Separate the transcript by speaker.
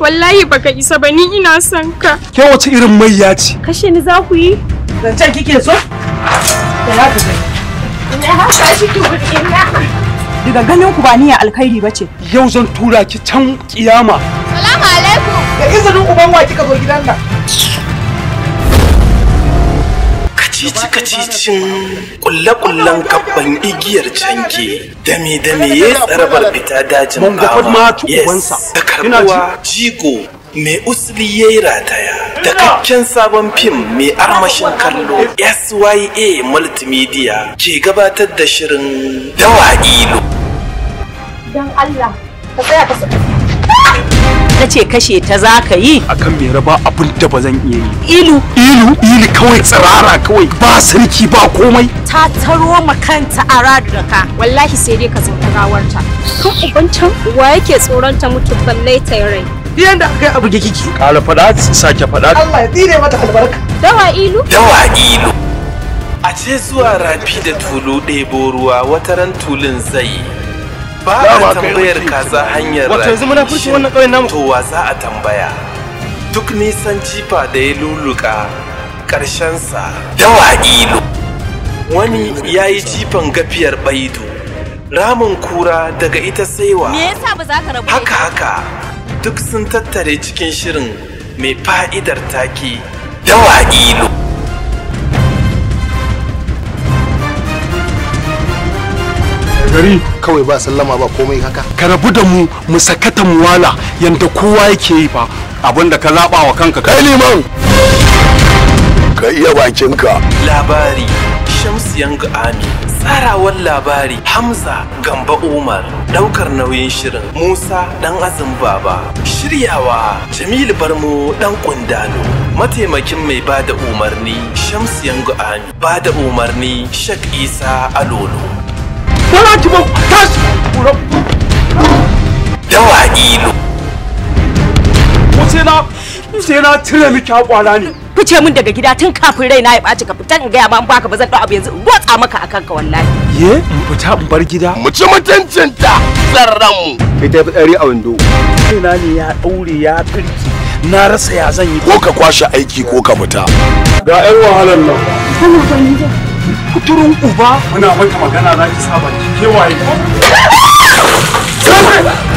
Speaker 1: Wallahi baka isa ba ni ina son ka. Ke wace irin mai ya ce? Kashe ni za ku yi? Zancen kike so? Da za ku Ina haka shi ki wuri ina. Daga ganin ku ba niyyar alkhairi ba ce. Yau zan tura ki can kiyama. Salamu alaikum. Da izinin uban wa kika zo gidan nan. cicin kulle-kullen kabban igiyar canke dame-dame ya tsarabar fita dajin bawa yes da karbuwa jigo mai usli ya yi rataya da kakken sabon fim mai armashin kallo sya multimedia ke gabatar da shirin dawa ilo don allah ka tsaya ka ta ce kashe ta za ka yi akan mera ba abin da ba zan iya yi ilu ilu ilu kawai tsirara kawai ba sarki ba komai ta taro makanta a radu da ka wallahi sai dai ka zanta gawarta kan ubancan wa yake tsoron ta mutu balle ta yi rai yanda aka yi abu kiki kala fada sake fada Allah ya tsire mata albarka dawa ilu dawa ilu a ce zuwa rafi da tulu ɗebo ruwa wataran tulun zai ba a tambayar kaza hanyar wato yanzu muna furci wannan ƙauyen namu to wa za a tambaya duk nisan jifa da ya luluka ƙarshensa yawa ilo wani ya yi jifan gafiyar baidu ramin kura daga ita saiwa haka haka duk sun tattare cikin shirin mai fa'idar take yawa ilo gari kawai ba sallama ba komai haka ka rabu da mu mu sakata mu wala yanda kowa yake yi fa abinda ka zaba wa kanka kai liman ka iya bakinka. Labari Yanga Ami tsarawar labari Hamza Gamba Umar ɗaukar nauyin shirin Musa ɗan azin Baba shiryawa Jamilu Barmu dan Kundalo mataimakin mai bada umarni Yanga Ami bada umarni Shek Isa Alolo Dawa ilo. Wuce na, cire miki haƙwara ne. fice min daga gida tun kafin raina ya ɓaci ka fita in gaya ma in baka ba zan ɗau abu yanzu in gotsa maka a kanka wallahi. Ye? In fita in bar gida? Mu ci mutuncinta tsarran mu. Ita fi ɗari a wando. Kaina ne ya ɗaure ya kirki na rasa ya zan yi. Ko ka kwashe aiki ko ka fita. Ga 'yan wahalar nan. Kana gwanjo. Kuturun uba. Muna maka magana za ki saba ki kewaye.